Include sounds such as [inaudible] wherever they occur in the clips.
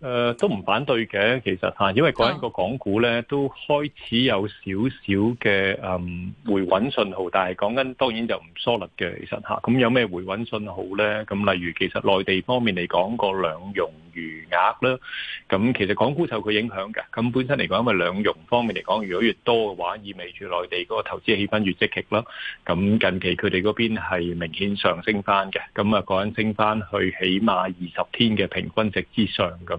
誒都唔反對嘅，其實嚇，因為講緊個港股咧都開始有少少嘅誒回穩信號，但係講緊當然就唔 solid 嘅，其實嚇。咁有咩回穩信號咧？咁例如其實內地方面嚟講個兩融餘額啦，咁其實港股受佢影響㗎。咁本身嚟講，因為兩融方面嚟講，如果越多嘅話，意味住內地嗰個投資氣氛越積極咯。咁近期佢哋嗰邊係明顯上升翻嘅，咁啊，講緊升翻去起碼二十天嘅平均值之上咁。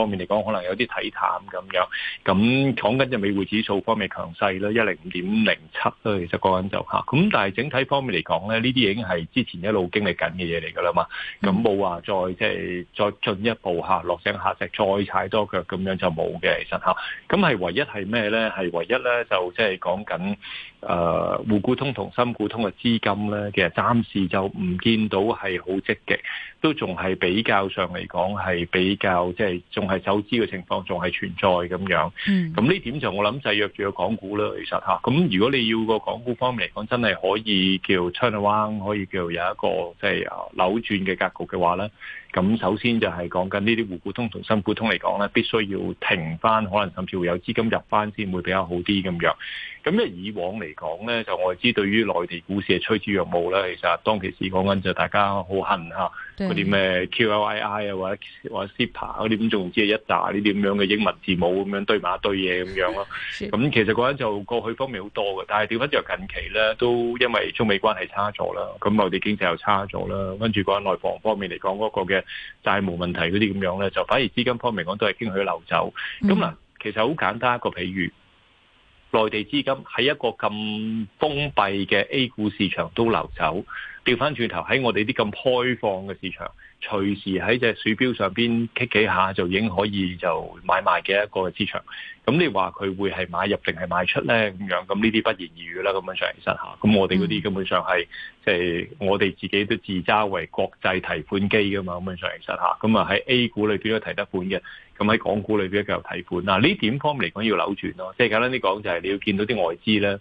方面嚟講，可能有啲睇淡咁樣，咁講緊就美匯指數方面強勢咯，一零五點零七咯，其實講緊就吓，咁但係整體方面嚟講咧，呢啲已經係之前一路經歷緊嘅嘢嚟噶啦嘛，咁冇話再即係、就是、再進一步吓落井下石，再踩多腳咁樣就冇嘅，其實吓，咁係唯一係咩咧？係唯一咧就即係講緊。誒、呃，滬股通同深股通嘅資金咧，其實暫時就唔見到係好積極，都仲係比較上嚟講係比較即係仲係走資嘅情況，仲係存在咁樣。嗯，咁呢點就我諗就約住個港股啦。其實吓咁，啊、如果你要個港股方面嚟講，真係可以叫 turn around，可以叫有一個即係扭轉嘅格局嘅話咧，咁首先就係講緊呢啲滬股通同深股通嚟講咧，必須要停翻，可能甚至會有資金入翻先會比較好啲咁樣。咁以往嚟講咧，就我知對於內地股市係趨之若鶩啦。其實當其時講緊就大家好恨嚇嗰啲咩 QLIR 啊，QII，或者或者 SIPA 嗰啲咁，總之係一紮呢啲咁樣嘅英文字母咁樣堆埋一堆嘢咁樣咯。咁其實嗰陣就過去方面好多嘅，但係掉返就近期咧都因為中美關係差咗啦，咁我哋經濟又差咗啦，跟住講內房方面嚟講嗰個嘅債務問題嗰啲咁樣咧，就反而資金方面講都係經佢流走。咁嗱，其實好簡單一個比喻。內地資金喺一個咁封閉嘅 A 股市場都流走，掉翻轉頭喺我哋啲咁開放嘅市場。隨時喺隻鼠標上邊 click 幾下就已經可以就買賣嘅一個市場，咁你話佢會係買入定係賣出咧咁樣，咁呢啲不言而喻啦。咁樣上其實嚇，咁我哋嗰啲根本上係即係我哋自己都自嘲為國際提款機噶嘛。咁樣上其實下，咁啊喺 A 股裏邊都提得款嘅，咁喺港股裏邊又提款。嗱，呢點方面嚟講要扭轉咯，即係簡單啲講就係你要見到啲外資咧。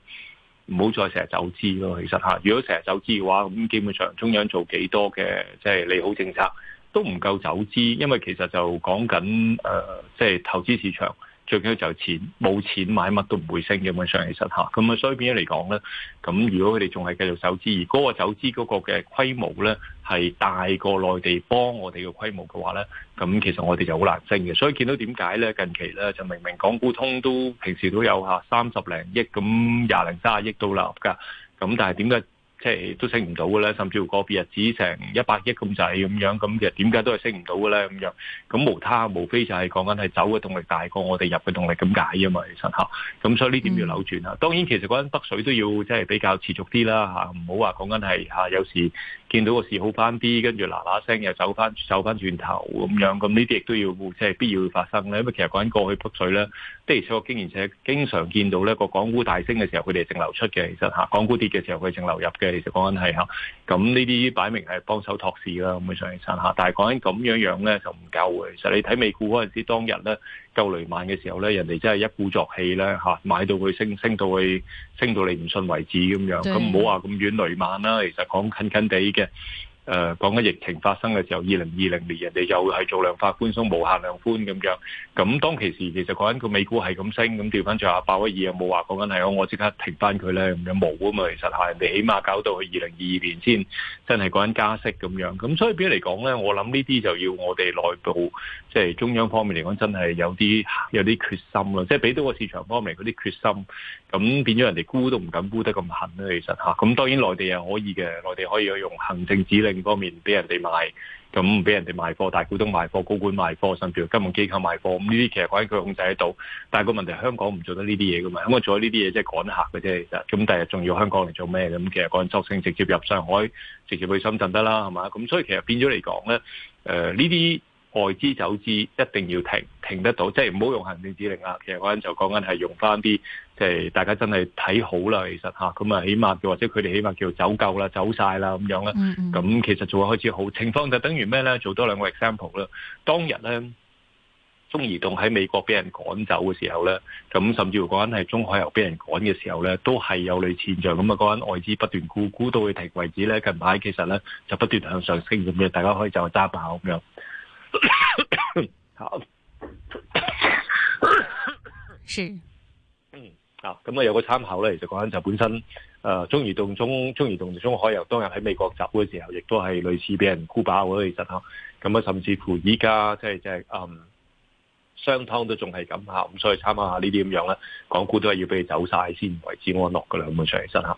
唔好再成日走資咯，其實吓如果成日走資嘅話，咁基本上中央做幾多嘅即係利好政策都唔夠走資，因為其實就講緊誒，即係投資市場。最緊要就錢，冇錢買乜都唔會升嘅。咁樣上其實下，咁啊，所以變咗嚟講咧？咁如果佢哋仲係繼續走資，而嗰個走資嗰個嘅規模咧係大過內地幫我哋嘅規模嘅話咧，咁其實我哋就好難升嘅。所以見到點解咧？近期咧就明明港股通都平時都有吓三十零億，咁廿零卅億到納㗎，咁但係點解？即係都升唔到嘅咧，甚至乎個別日子成一百億咁滯咁樣，咁其實點解都係升唔到嘅咧咁樣，咁無他，無非就係講緊係走嘅動力大過我哋入嘅動力咁解啊嘛，其實吓。咁所以呢點要扭轉啊、嗯？當然其實講緊北水都要即係比較持續啲啦吓，唔好話講緊係吓有時。見到個市好翻啲，跟住嗱嗱聲又走翻走翻轉頭咁樣，咁呢啲亦都要即係必要發生咧。因為其實講緊過去北水咧，的而且確經研者經常見到咧個港股大升嘅時候，佢哋淨流出嘅，其實港股跌嘅時候，佢哋淨流入嘅，其實講緊係吓。咁呢啲擺明係幫手托市啦，咁嘅上起身吓。但係講緊咁樣樣咧就唔夠嘅。其實你睇美股嗰陣時當日咧。夠雷曼嘅時候咧，人哋真係一鼓作氣咧嚇，買到佢升升到佢升到你唔信為止咁樣，咁唔好話咁遠雷曼啦，其實講近近地嘅。誒講緊疫情發生嘅時候，二零二零年人哋又係做量化寬鬆、無限量寬咁樣。咁當其時，其實講緊個美股係咁升，咁調翻轉阿鮑威爾又冇話講緊係我即刻停翻佢咧？咁樣冇啊嘛。其實係人哋起碼搞到去二零二二年先真係講緊加息咁樣。咁所以邊啲嚟講咧？我諗呢啲就要我哋內部即係中央方面嚟講，真係有啲有啲決心咯。即係俾到個市場方面嗰啲決心，咁變咗人哋沽都唔敢沽得咁狠咧。其實嚇，咁當然內地又可以嘅，內地可以去用行政指令。方面俾人哋賣，咁俾人哋賣貨，大股東賣貨，高管賣貨，甚至乎金融機構賣貨，咁呢啲其實講緊佢控制喺度，但係個問題香港唔做得呢啲嘢噶嘛，咁我做咗呢啲嘢即係趕客嘅啫，其實，咁第日仲要香港嚟做咩？咁其實講緊作性直接入上海，直接去深圳得啦，係嘛？咁所以其實變咗嚟講咧，誒呢啲外資走資一定要停，停得到，即係唔好用行政指令啊。其實我咧就講緊係用翻啲。即、就、係、是、大家真係睇好啦，其實嚇咁啊，起碼叫或者佢哋起碼叫走夠啦，走晒啦咁樣啦。咁、嗯嗯、其實做會開始好情況，就等於咩咧？做多兩個 example 啦。當日咧，中移動喺美國俾人趕走嘅時候咧，咁甚至乎嗰陣係中海油俾人趕嘅時候咧，都係有類似現象。咁啊，嗰陣外資不斷沽沽到佢停為止咧，近排其實咧就不斷向上升咁樣，大家可以就係揸爆咁樣。好，啊，咁啊有個參考咧，其實講緊就本身，誒、呃、中移動、中、中中移動、中海油當日喺美國集股嘅時候，亦都係類似俾人箍爆嘅，其實吓。咁啊，甚至乎依家即係即係，嗯，商湯都仲係咁吓，咁所以參考下呢啲咁樣咧，港股都係要俾佢走晒先為之安，安樂㗎啦，咁樣上嚟身吓。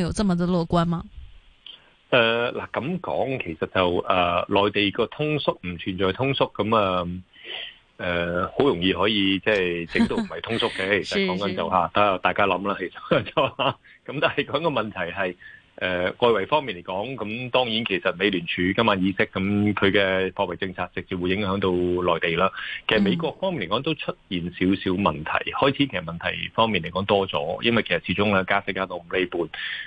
有這麼的樂觀嗎？誒、呃，嗱咁講，其實就誒，內、呃、地個通縮唔存在通縮咁啊，誒，好、呃、容易可以即係整到唔係通縮嘅。 [laughs] 其實講緊就吓，大家諗啦。其實咁但係講個問題係。誒外圍方面嚟講，咁當然其實美聯儲今晚議息咁，佢嘅貨幣政策直接會影響到內地啦。其實美國方面嚟講都出現少少問題，開始其實問題方面嚟講多咗，因為其實始終啊加息加到五厘半，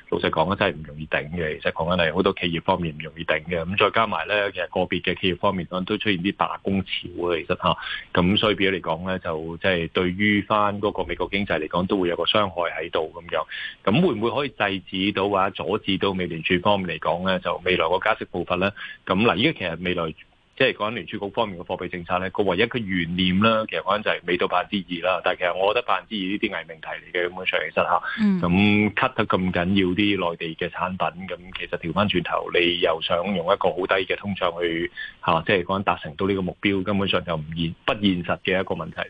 老實講真係唔容易頂嘅。其實講緊係好多企業方面唔容易頂嘅，咁再加埋咧，其實個別嘅企業方面都出現啲罷工潮嘅，其實嚇。咁、啊、所以變咗嚟講咧，就即係對於翻嗰個美國經濟嚟講，都會有個傷害喺度咁樣。咁會唔會可以制止到或者阻？至到美聯儲方面嚟講咧，就未來個加息步伐咧，咁嗱，依家其實未來即係講緊聯儲局方面嘅貨幣政策咧，個唯一嘅懸念咧，其實講緊就係未到百分之二啦。但係其實我覺得百分之二呢啲偽命題嚟嘅，根本上其實嚇，咁、嗯、cut 得咁緊要啲內地嘅產品，咁其實調翻轉頭，你又想用一個好低嘅通脹去嚇、啊，即係講緊達成到呢個目標，根本上就唔現不現實嘅一個問題。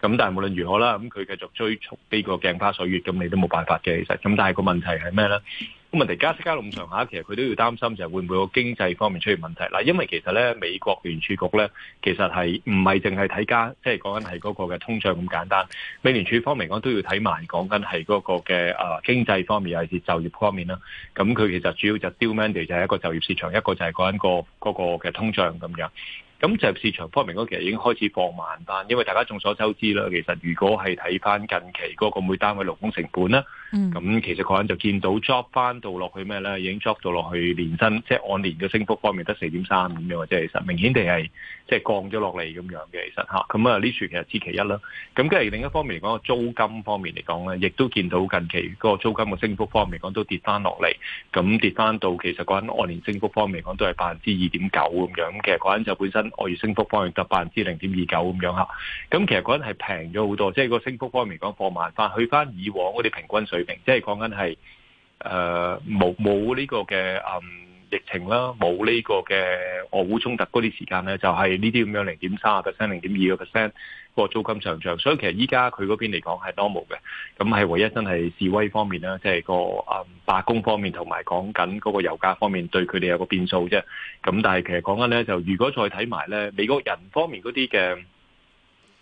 咁但係無論如何啦，咁佢繼續追逐呢個鏡花水月，咁你都冇辦法嘅。其實咁，但係個問題係咩咧？咁問題加息加咁上下，其實佢都要擔心就係會唔會個經濟方面出現問題嗱。因為其實咧，美國聯儲局咧，其實係唔係淨係睇加，即係講緊係嗰個嘅通脹咁簡單。美聯儲方面講都要睇埋講緊係嗰個嘅啊經濟方面，尤其係就業方面啦。咁佢其實主要就 dual mandate 就係一個就業市場，一個就係講緊個嗰個嘅通脹咁樣。咁就業市場方面嗰其實已經開始放慢返，因為大家眾所周知啦，其實如果係睇翻近期嗰個每單位勞工成本啦。咁、嗯、其實嗰陣就見到 job 翻到落去咩咧？已經 job 到落去年薪，即、就、係、是、按年嘅升幅方面得四點三咁樣，就是，即係其實明顯地係即係降咗落嚟咁樣嘅。樣樣樣樣其實吓，咁啊呢處其實知其一啦。咁跟住另一方面嚟講，個租金方面嚟講咧，亦都見到近期個租金嘅升幅方面講都跌翻落嚟，咁跌翻到其實嗰陣按年升幅方面講都係百分之二點九咁樣，其實嗰陣就本身按月升幅方面得百分之零點二九咁樣吓，咁其實嗰陣係平咗好多，即、就、係、是、個升幅方面講放慢翻，去翻以往嗰啲平均水即係講緊係誒冇冇呢個嘅誒疫情啦，冇呢個嘅俄烏衝突嗰啲時間咧，就係呢啲咁樣零點三啊個 percent，零點二個 percent 個租金上漲，所以其實依家佢嗰邊嚟講係 normal 嘅。咁係唯一真係示威方面啦，即係個誒罷工方面同埋講緊嗰個油價方面對佢哋有個變數啫。咁但係其實講緊咧，就如果再睇埋咧，美國人方面嗰啲嘅。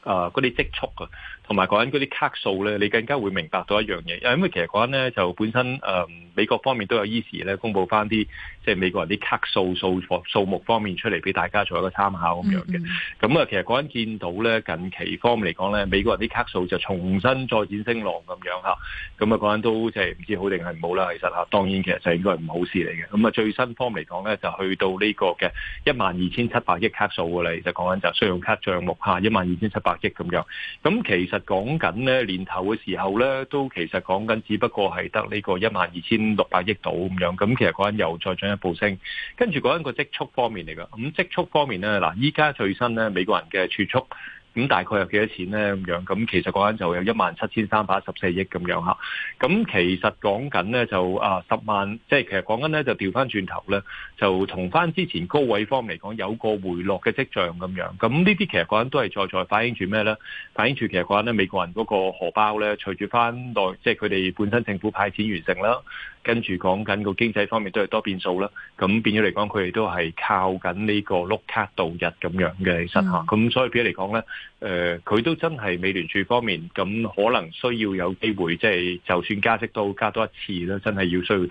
誒嗰啲積蓄啊，同埋講緊嗰啲卡數咧，你更加會明白到一樣嘢，因為其實講緊咧就本身誒、嗯、美國方面都有依時咧公佈翻啲即係美國人啲卡數數數目方面出嚟俾大家做一個參考咁樣嘅。咁、嗯、啊、嗯嗯嗯嗯，其實講緊見到咧近期方面嚟講咧，美國人啲卡數就重新再展升浪咁樣嚇，咁啊講緊都即係唔知好定係唔好啦。其實嚇、啊，當然其實就應該係唔好事嚟嘅。咁、嗯、啊最新方面嚟講咧，就去到呢個嘅一萬二千七百億卡數嚟，其實就講緊就信用卡帳目嚇一萬二千七百。百億咁樣，咁其實講緊咧年頭嘅時候咧，都其實講緊只不過係得呢個一萬二千六百億度咁樣，咁其實嗰陣又再進一步升，跟住嗰陣個積蓄方面嚟噶，咁積蓄方面咧，嗱依家最新咧美國人嘅儲蓄。咁大概有幾多錢咧？咁樣咁其實講緊就有一萬七千三百十四億咁樣嚇，咁其實講緊咧，就啊十萬，即係其實講緊咧就調翻轉頭咧，就同翻之前高位方嚟講有個回落嘅跡象咁樣。咁呢啲其實講緊都係再再反映住咩咧？反映住其實講緊咧美國人嗰個荷包咧，隨住翻內即係佢哋本身政府派錢完成啦。跟住講緊個經濟方面都係多變數啦，咁變咗嚟講，佢哋都係靠緊呢個碌卡度日咁樣嘅，其實咁所以畀你嚟講咧，誒、呃、佢都真係美聯儲方面，咁可能需要有機會，即、就、係、是、就算加息都加多一次啦，都真係要需要停。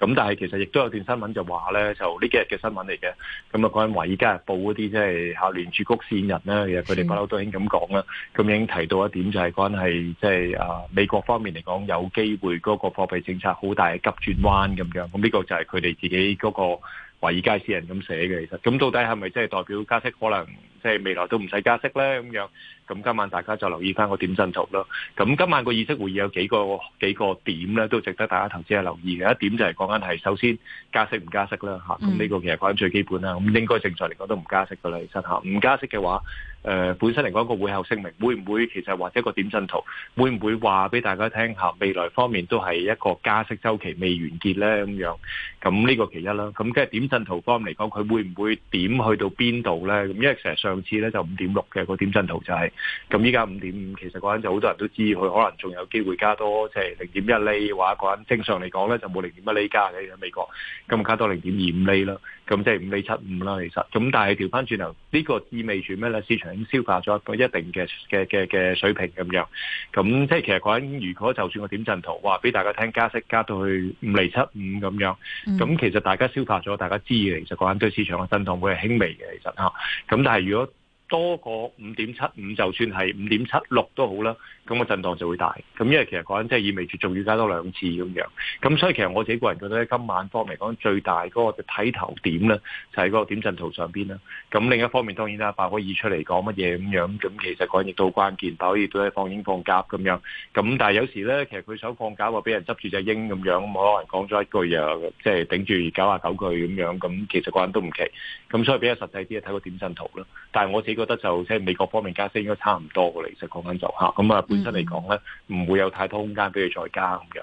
咁但係其實亦都有段新聞就話咧，就呢幾日嘅新聞嚟嘅，咁啊講緊《華爾街日報》嗰啲即係嚇聯儲局線人啦，其實佢哋不嬲都已經咁講啦，咁已經提到一點就係關係即係啊美國方面嚟講，有機會嗰個貨幣政策好大。急轉彎咁樣，咁呢個就係佢哋自己嗰個華爾街先人咁寫嘅，其實，咁到底係咪即係代表加息可能？即係未來都唔使加息咧咁樣，咁今晚大家就留意翻個點陣圖咯。咁今晚個議息會議有幾個幾個點咧，都值得大家投資者留意嘅。一點就係講緊係首先加息唔加息啦嚇，咁呢個其實講緊最基本啦。咁應該正常嚟講都唔加息噶啦，其實嚇，唔加息嘅話，誒本身嚟講個會後聲明會唔會其實或者個點陣圖會唔會話俾大家聽嚇，未來方面都係一個加息週期未完結咧咁樣。咁呢個其一啦。咁跟住點陣圖方面嚟講，佢會唔會點去到邊度咧？咁因為成日上。上次咧就五點六嘅個點陣圖就係咁依家五點五，那5 .5，其實嗰陣就好多人都知佢可能仲有機會加多，即係零點一厘話，嗰陣正常嚟講咧就冇零點一厘加喺美國，咁加多零點二五厘啦。咁即係五厘七五啦，其實，咁但係調翻轉頭，呢、這個意味住咩咧？市場已經消化咗一個一定嘅嘅嘅嘅水平咁樣，咁即係其實講緊，如果就算我點陣圖，話俾大家聽加息加到去五厘七五咁樣，咁、嗯、其實大家消化咗，大家知嘅，其實講緊對市場嘅震動會係輕微嘅，其實咁、啊、但係如果，多過五點七五，就算係五點七六都好啦，咁、那個震蕩就會大。咁因為其實嗰陣即係意味住仲要加多兩次咁樣。咁所以其實我自己個人覺得咧，今晚方面講最大嗰個睇頭點咧，就係、是、嗰個點陣圖上邊啦。咁另一方面當然啦、啊，八可以出嚟講乜嘢咁樣，咁其實嗰人亦都關鍵，八哥亦都係放鷹放鴿咁樣。咁但係有時咧，其實佢想放鴿喎，俾人執住隻鷹咁樣，冇可能講咗一句啊，即、就、係、是、頂住九十九句咁樣，咁其實嗰陣都唔奇。咁所以比較實際啲啊，睇個點陣圖啦。但係我自己覺得就即係美國方面加息應該差唔多嘅嚟，其實講緊就嚇咁啊！本身嚟講咧，唔會 mm -hmm. 有太多空間俾佢再加咁樣。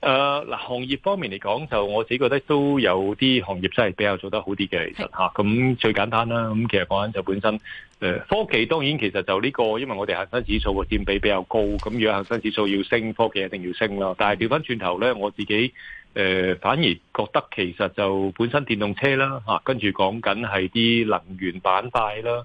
誒，嗱，行業方面嚟講，就我自己覺得都有啲行業真係比較做得好啲嘅，啊，其實吓，咁最簡單啦。咁其實講緊就本身，誒、呃，科技當然其實就呢、這個，因為我哋恒生指數個佔比比較高，咁如果恒生指數要升，科技一定要升啦。但係調翻轉頭咧，我自己誒、呃，反而覺得其實就本身電動車啦，吓、啊，跟住講緊係啲能源板塊啦。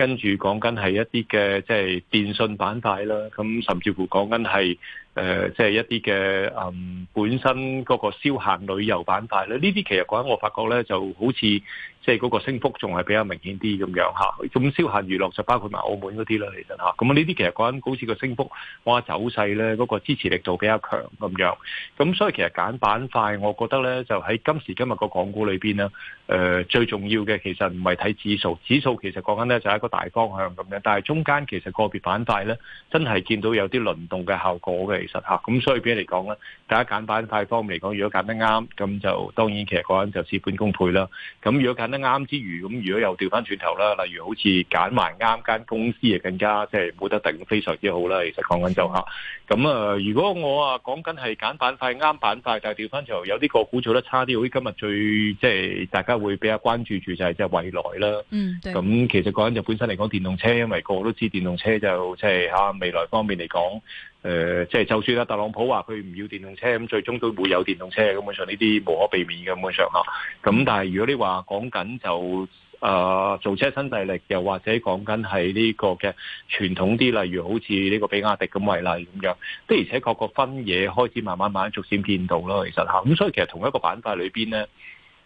跟住講緊係一啲嘅即係電信板塊啦，咁甚至乎講緊係誒即係一啲嘅嗯本身嗰個消閒旅遊板塊啦。呢啲其實講緊我發覺咧，就好似即係嗰個升幅仲係比較明顯啲咁樣嚇。咁消閒娛樂就包括埋澳門嗰啲啦，其實嚇。咁呢啲其實講緊好似個升幅哇走勢咧，嗰、嗰個支持力度比較強咁樣。咁所以其實揀板塊，我覺得咧就喺今時今日個港股裏邊咧，誒、呃、最重要嘅其實唔係睇指數，指數其實講緊咧就係一個。大方向咁樣，但係中間其實個別板塊咧，真係見到有啲輪動嘅效果嘅，其實吓，咁所以，比如嚟講咧，大家揀板塊方面嚟講，如果揀得啱，咁就當然其實嗰陣就事半功倍啦。咁如果揀得啱之餘，咁如果又調翻轉頭啦，例如好似揀埋啱間公司，又更加即係冇得頂，非常之好啦。其實講緊就吓咁啊，如果我啊講緊係揀板塊啱板塊，但係調翻轉頭有啲個股做得差啲，好似今日最即係大家會比較關注住就係即係未來啦。嗯，對。咁其實嗰陣就。本身嚟講電動車，因為個個都知電動車就即係吓未來方面嚟講，誒、呃，即、就、係、是、就算阿特朗普話佢唔要電動車，咁最終都會有電動車。根本上呢啲無可避免嘅根本上咯。咁、嗯、但係如果你話講緊就誒、呃、造車新勢力，又或者講緊係呢個嘅傳統啲，例如好似呢個比亞迪咁為例咁樣，樣的而且確個分野開始慢慢慢逐漸見到咯。其實吓咁、啊，所以其實同一個板塊裏邊咧，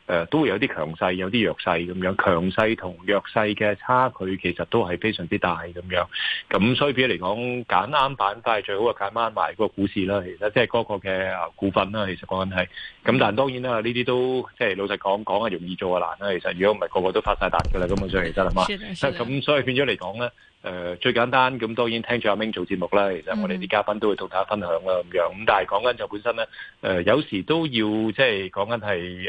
誒、呃，都會有啲強勢，有啲弱勢咁樣，強勢同弱勢嘅差距其實都係非常之大咁樣。咁所以譬如嚟講，揀啱板塊係最好嘅，揀返埋個股市啦。其實即係嗰個嘅股份啦，其實講緊係。咁但係當然啦，呢啲都即係老實講，講係容易做嘅難啦。其實如果唔係個個都發晒達噶啦，根本上其實係嘛。咁，所以變咗嚟講咧。誒，最簡單咁當然聽住阿明做節目啦，其實我哋啲嘉賓都會同大家分享啦咁樣。咁但係講緊就本身咧，誒有時都要即係講緊係，誒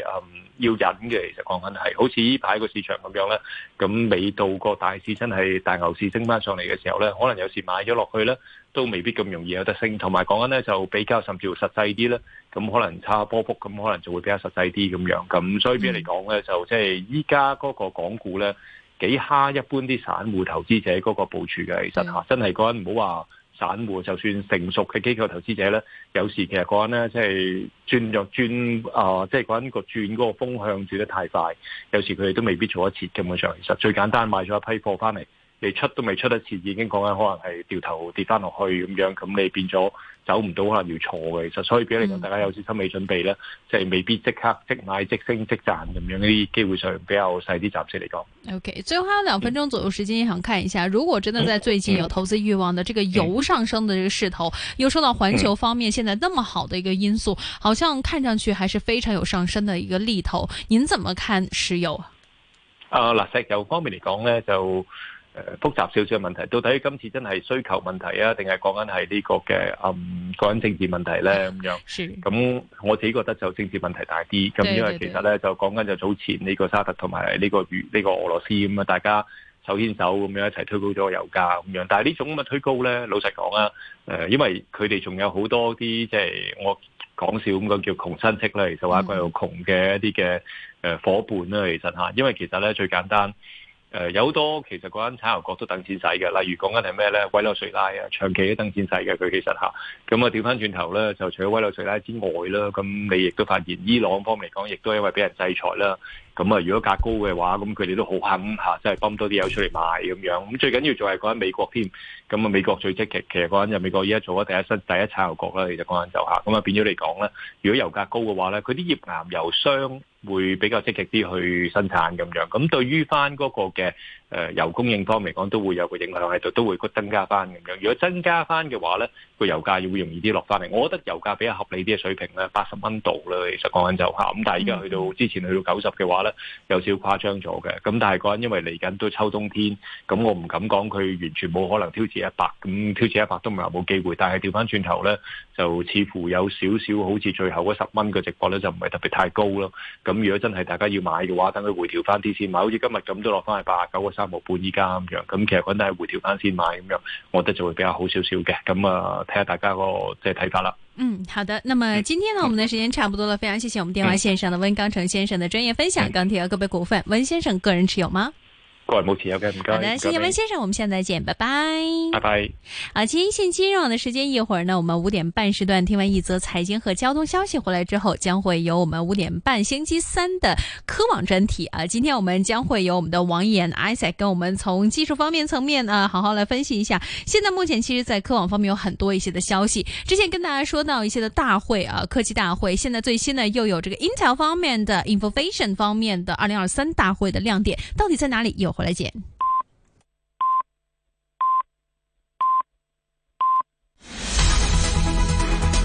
要忍嘅。其實講緊係好似依排個市場咁樣咧，咁未到個大市真係大牛市升翻上嚟嘅時候咧，可能有時買咗落去咧都未必咁容易有得升。同埋講緊咧就比較甚至乎實際啲啦，咁可能炒下波幅咁，可能就會比較實際啲咁樣。咁所以邊嚟講咧，就即係依家嗰個港股咧。幾蝦一般啲散戶投資者嗰個部署嘅，其實吓真係講緊唔好話散戶，就算成熟嘅機構投資者咧，有時其實講緊咧即係轉又轉啊，即係講緊個轉嗰個風向轉得太快，有時佢哋都未必做得切咁嘅上。其實最簡單買咗一批貨翻嚟，你出都未出得切，已經講緊可能係掉頭跌翻落去咁樣，咁你變咗走唔到，可能要錯嘅。其實所以，比如嚟講，大家有少少心理準備咧、嗯，即係未必即刻即買即升即賺咁樣，啲機會上比較細啲，暫時嚟講。O、okay, K，最後還有兩分鐘左右時間，想看一下、嗯，如果真的在最近有投資欲望的，這個油上升的這個勢頭，嗯嗯、又受到環球方面現在那麼好的一個因素、嗯，好像看上去還是非常有上升的一個力頭。您怎麼看石油？誒、啊，嗱，石油方面嚟講呢，就。誒複雜少少嘅問題，到底今次真係需求問題啊，定係講緊係呢個嘅誒個人政治問題咧？咁、嗯、樣，咁我自己覺得就政治問題大啲。咁因為其實咧就講緊就早前呢個沙特同埋呢個俄呢、呢個俄羅斯咁啊，大家手牽手咁樣一齊推高咗個油價咁樣。但係呢種咁嘅推高咧，老實講啊，誒、呃，因為佢哋仲有好多啲即係我講笑咁講叫窮親戚啦，其實話佢有窮嘅一啲嘅誒夥伴啦，其實嚇，因為其實咧最簡單。誒 [music] 有好多其實嗰間產油國都等錢使嘅，例如講緊係咩咧？委內瑞拉啊，長期都等錢使嘅佢其實吓咁啊調翻轉頭咧，就除咗委內瑞拉之外啦，咁你亦都發現伊朗方面嚟講，亦都因為俾人制裁啦。咁啊，如果價高嘅話，咁佢哋都好肯，嚇、啊，即係泵多啲油出嚟賣咁樣。咁最緊要就係講緊美國添。咁啊美國最積極，其實嗰間就美國依家做咗第一新第一產油國啦。其就講、是、緊就吓咁啊變咗嚟講咧，如果油價高嘅話咧，佢啲頁岩油商。會比較積極啲去生產，咁樣咁對於翻嗰個嘅。誒、呃、油供應方面嚟講，都會有個影響喺度，都會增加翻咁樣。如果增加翻嘅話咧，個油價會容易啲落翻嚟。我覺得油價比較合理啲嘅水平咧，八十蚊度啦。其實講緊就嚇，咁、嗯、但係而家去到之前去到九十嘅話咧，有少誇張咗嘅。咁但係嗰陣因為嚟緊都秋冬天，咁我唔敢講佢完全冇可能挑戰一百，咁挑戰一百都唔係冇機會。但係調翻轉頭咧，就似乎有少少好似最後嗰十蚊嘅值博咧，就唔係特別太高咯。咁如果真係大家要買嘅話，等佢回調翻啲先。咪好似今日咁都落翻係八十九三毛半依家咁樣，咁其實講得係回調翻先買咁樣，我覺得就會比較好少少嘅，咁啊睇下大家嗰個即係睇法啦。嗯，好的。那麼今天呢，我們的時間差不多了，非常謝謝我們電話線上的溫鋼城先生的專業分享。鋼鐵和個別股份，溫先生個人持有嗎？各位，目前有好的，謝謝溫先生，我們現在再見，拜拜，拜拜。啊，今天星期日網的時間，一會兒呢，我們五點半時段聽完一則財經和交通消息回來之後，將會有我們五點半星期三的科網專題。啊，今天我們將會有我們的王岩阿 Sir 跟我們從技術方面層面呢，好好來分析一下。現在目前其實，在科網方面有很多一些的消息。之前跟大家說到一些的大會啊，科技大會，現在最新呢，又有這個 Intel 方面的 Information 方面的二零二三大會的亮點到底在哪裡？有回來見。